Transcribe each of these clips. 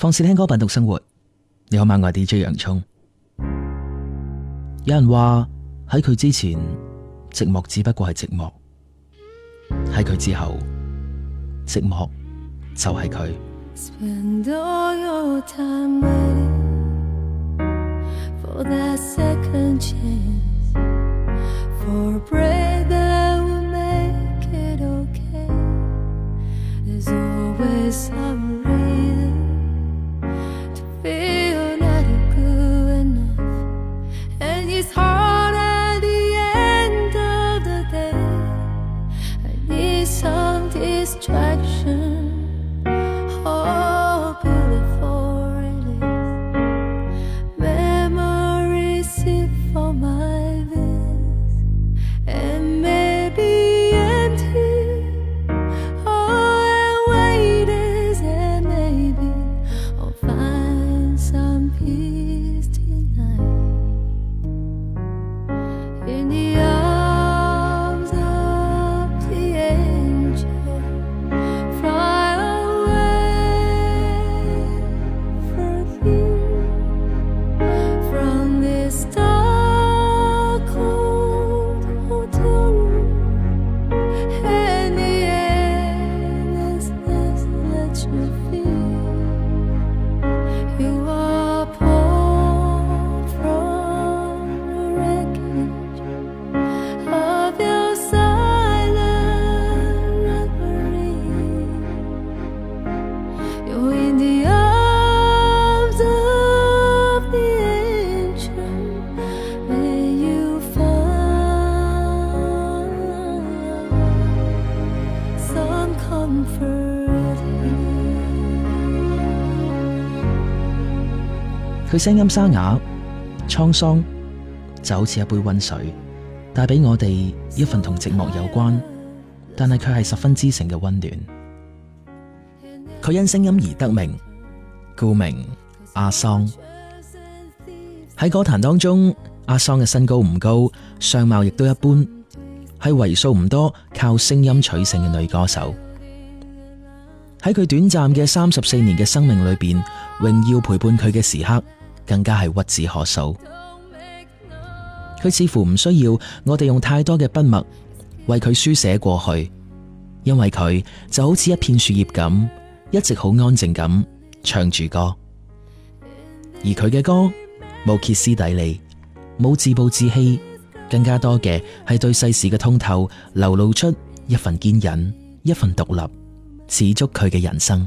放肆聽歌品讀生活，你好，我係 DJ 洋葱。有人話喺佢之前，寂寞只不過係寂寞；喺佢之後，寂寞就係佢。聲音沙啞、滄桑，就好似一杯溫水，帶俾我哋一份同寂寞有關，但係卻係十分知性嘅溫暖。佢因聲音而得名，故名阿桑。喺歌壇當中，阿桑嘅身高唔高，相貌亦都一般，係為數唔多靠聲音取勝嘅女歌手。喺佢短暫嘅三十四年嘅生命裏邊，榮耀陪伴佢嘅時刻更加係屈指可數，佢似乎唔需要我哋用太多嘅筆墨為佢書寫過去，因為佢就好似一片樹葉咁，一直好安靜咁唱住歌，而佢嘅歌冇歇斯底里，冇自暴自棄，更加多嘅係對世事嘅通透，流露出一份堅忍、一份獨立，似足佢嘅人生。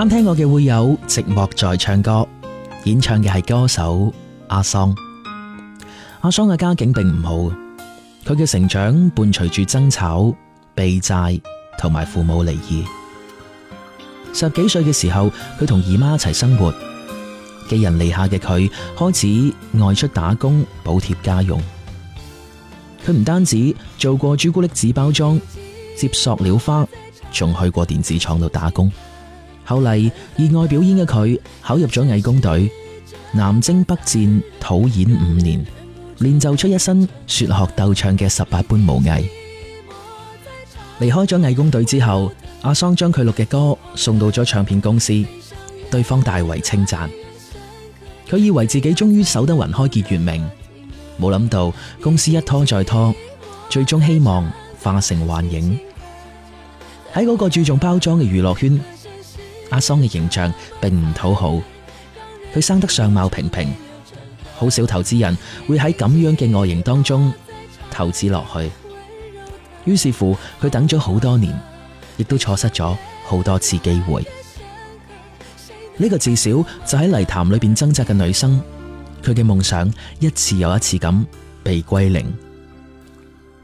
啱聽過嘅會有寂寞在唱歌，演唱嘅係歌手阿桑。阿桑嘅家境並唔好，佢嘅成長伴隨住爭吵、避債同埋父母離異。十幾歲嘅時候，佢同姨媽一齊生活，寄人籬下嘅佢開始外出打工補貼家用。佢唔單止做過朱古力紙包裝、接塑料花，仲去過電子廠度打工。後嚟熱愛表演嘅佢考入咗藝工隊，南征北戰，討演五年，練就出一身說學逗唱嘅十八般武藝。離開咗藝工隊之後，阿桑將佢錄嘅歌送到咗唱片公司，對方大為稱讚。佢以為自己終於守得雲開見月明，冇諗到公司一拖再拖，最終希望化成幻影。喺嗰個注重包裝嘅娛樂圈。阿桑嘅形象並唔討好，佢生得相貌平平，好少投資人會喺咁樣嘅外形當中投資落去。於是乎，佢等咗好多年，亦都錯失咗好多次機會。呢個自小就喺泥潭裏邊掙扎嘅女生，佢嘅夢想一次又一次咁被歸零。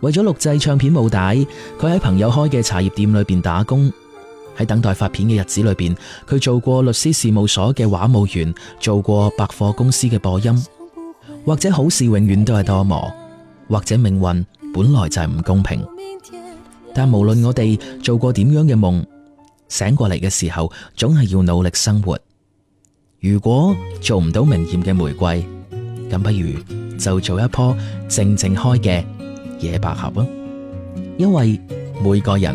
為咗錄製唱片母帶，佢喺朋友開嘅茶葉店裏邊打工。喺等待發片嘅日子裏邊，佢做過律師事務所嘅話務員，做過百貨公司嘅播音，或者好事永遠都係多磨，或者命運本來就係唔公平。但無論我哋做過點樣嘅夢，醒過嚟嘅時候，總係要努力生活。如果做唔到明豔嘅玫瑰，咁不如就做一棵靜靜開嘅野百合啊！因為每個人，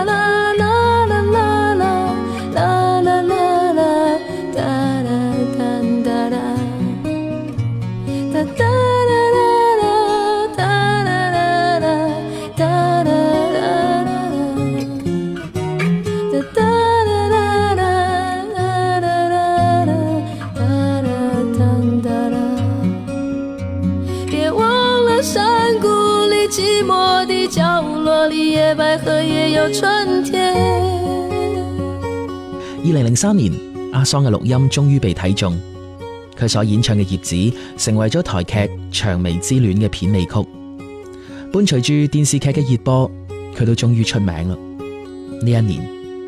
別忘了山谷裏寂寞的角落裏，野百合也有春天。二零零三年，阿桑嘅錄音終於被睇中，佢所演唱嘅《葉子》成為咗台劇《長眉之戀》嘅片尾曲。伴隨住電視劇嘅熱播，佢都終於出名啦。呢一年。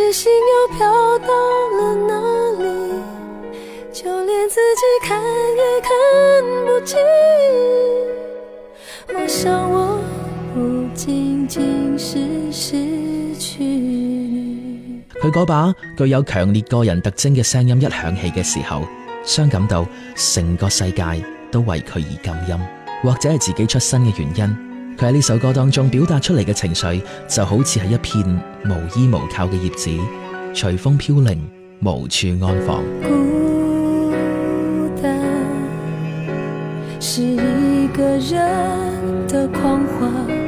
只心又飄到了哪裏，就連自己看也看不清。我想我不僅僅是失去你。佢嗰把具有強烈個人特徵嘅聲音一響起嘅時候，傷感到成個世界都為佢而禁音。或者係自己出身嘅原因佢喺呢首歌當中表達出嚟嘅情緒，就好似係一片無依無靠嘅葉子，隨風飄零，無處安放。孤單，是一個人的狂歡。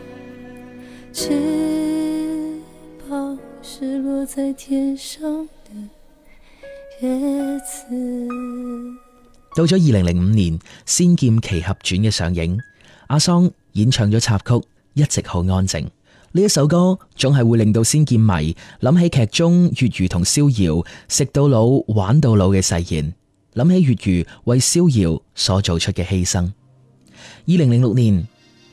在天上的日子。到咗二零零五年《仙劍奇俠傳》嘅上映，阿桑演唱咗插曲，一直好安靜。呢一首歌總係會令到仙劍迷諗起劇中月如同逍遙食到老玩到老嘅誓言，諗起月如為逍遙所做出嘅犧牲。二零零六年，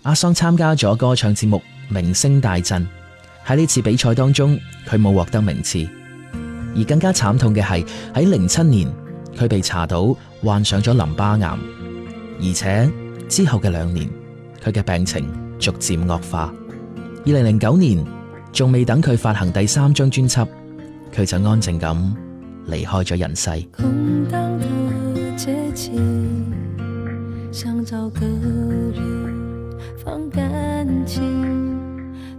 阿桑參加咗歌唱節目《明星大陣》。喺呢次比賽當中，佢冇獲得名次，而更加慘痛嘅係喺零七年，佢被查到患上咗淋巴癌，而且之後嘅兩年，佢嘅病情逐漸惡化。二零零九年，仲未等佢發行第三張專輯，佢就安靜咁離開咗人世。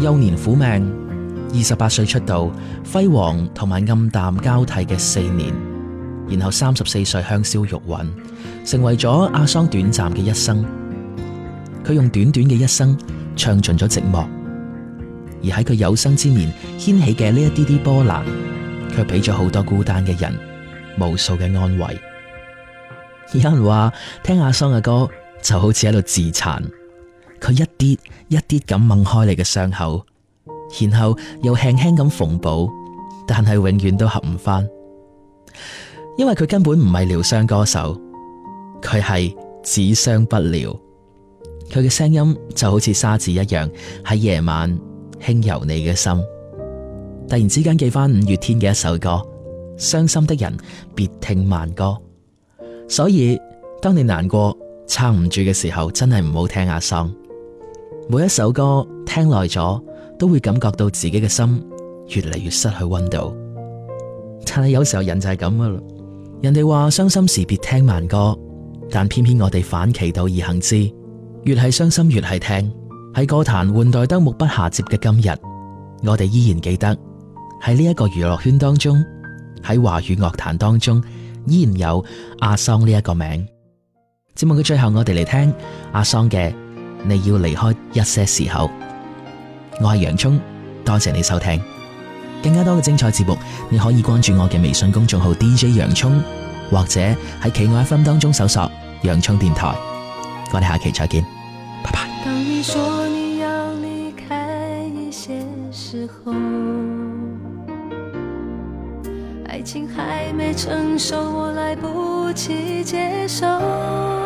幼年苦命，二十八歲出道，輝煌同埋暗淡交替嘅四年，然後三十四歲香消玉殞，成為咗阿桑短暫嘅一生。佢用短短嘅一生唱盡咗寂寞，而喺佢有生之年掀起嘅呢一啲啲波瀾，卻俾咗好多孤單嘅人無數嘅安慰。有人話聽阿桑嘅歌就好似喺度自殘。佢一啲一啲咁掹開你嘅傷口，然後又輕輕咁縫補，但係永遠都合唔翻，因為佢根本唔係療傷歌手，佢係只傷不療。佢嘅聲音就好似沙子一樣，喺夜晚輕柔你嘅心。突然之間記翻五月天嘅一首歌《傷心的人別聽慢歌》，所以當你難過撐唔住嘅時候，真係唔好聽阿桑。每一首歌聽耐咗，都會感覺到自己嘅心越嚟越失去溫度。但係有時候人就係咁噶啦，人哋話傷心時別聽慢歌，但偏偏我哋反其道而行之，越係傷心越係聽。喺歌壇換代得目不暇接嘅今日，我哋依然記得喺呢一個娛樂圈當中，喺華語樂壇當中，依然有阿桑呢一個名。節目嘅最後我們來，我哋嚟聽阿桑嘅。你要離開一些時候，我係洋蔥，多謝你收聽。更加多嘅精彩節目，你可以關注我嘅微信公眾號 DJ 洋蔥，或者喺企鵝 FM 當中搜索洋蔥電台。我哋下期再見，拜拜。當你說你要離開一些時候，愛情還沒承受，我來不及接受。